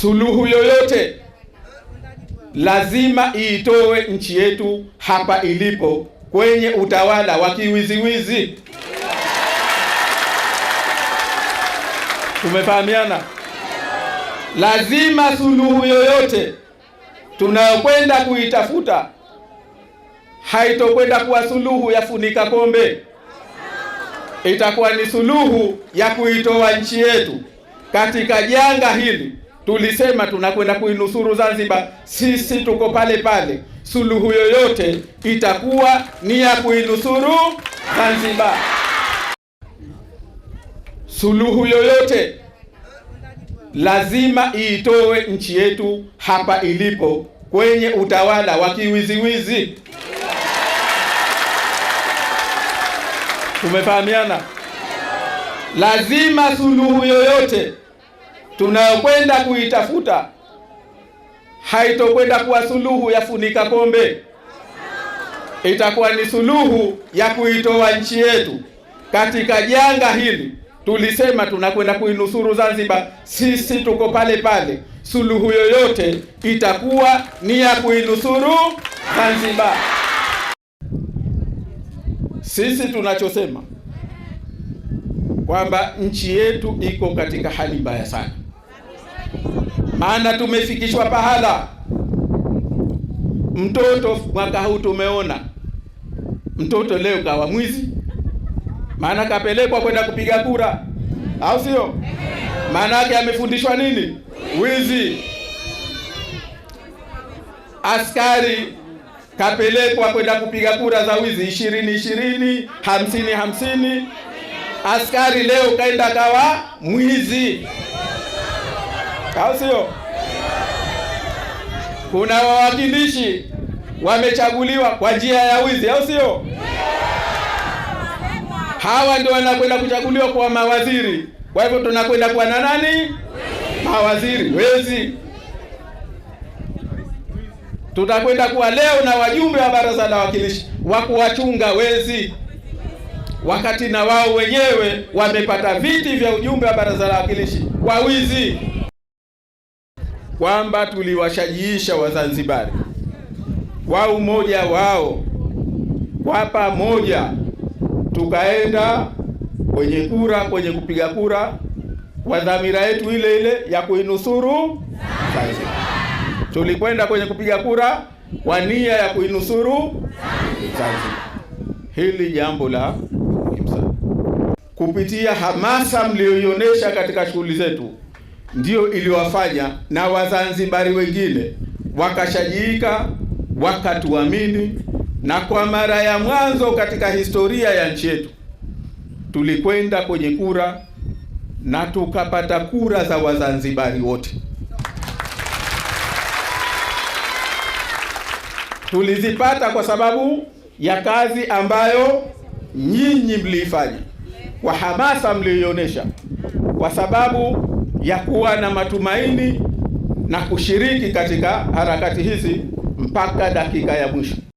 suluhu yoyote lazima iitoe nchi yetu hapa ilipo kwenye utawala wa kiwiziwizi. Tumefahamiana, lazima suluhu yoyote tunayokwenda kuitafuta haitokwenda kuwa suluhu ya funika kombe, itakuwa ni suluhu ya kuitoa nchi yetu katika janga hili Tulisema tunakwenda kuinusuru Zanzibar, sisi tuko pale pale. Suluhu yoyote itakuwa ni ya kuinusuru Zanzibar, suluhu yoyote lazima iitoe nchi yetu hapa ilipo kwenye utawala wa kiwiziwizi. Tumefahamiana, lazima suluhu yoyote tunayokwenda kuitafuta haitokwenda kuwa suluhu ya funika kombe, itakuwa ni suluhu ya kuitoa nchi yetu katika janga hili. Tulisema tunakwenda kuinusuru Zanzibar, sisi tuko pale pale. Suluhu yoyote itakuwa ni ya kuinusuru Zanzibar. Sisi tunachosema kwamba nchi yetu iko katika hali mbaya sana maana tumefikishwa pahala. Mtoto mwaka huu tumeona mtoto leo kawa mwizi, maana kapelekwa kwenda kupiga kura, au sio? Maana yake amefundishwa nini? Wizi. Askari kapelekwa kwenda kupiga kura za wizi, ishirini ishirini, hamsini hamsini. Askari leo kaenda kawa mwizi au sio? Kuna wawakilishi wamechaguliwa kwa njia ya wizi, au sio? Hawa ndio wanakwenda kuchaguliwa kwa mawaziri. Kwa hivyo tunakwenda kuwa na nani? Mawaziri wezi. Tutakwenda kuwa leo na wajumbe wa baraza la wawakilishi wa kuwachunga wezi, wakati na wao wenyewe wamepata viti vya ujumbe wa baraza la wawakilishi kwa wizi kwamba tuliwashajiisha Wazanzibari kwa umoja wao, kwa pamoja tukaenda kwenye kura, kwenye kupiga kura kwa dhamira yetu ile ile ya kuinusuru Zanzibar. Tulikwenda kwenye kupiga kura kwa nia ya kuinusuru Zanzibar. Hili jambo la kupitia hamasa mlioionyesha katika shughuli zetu ndiyo iliwafanya na Wazanzibari wengine wakashajiika, wakatuamini, na kwa mara ya mwanzo katika historia ya nchi yetu tulikwenda kwenye kura na tukapata kura za Wazanzibari wote. Tulizipata kwa sababu ya kazi ambayo nyinyi mliifanya, kwa hamasa mlioionyesha, kwa sababu ya kuwa na matumaini na kushiriki katika harakati hizi mpaka dakika ya mwisho.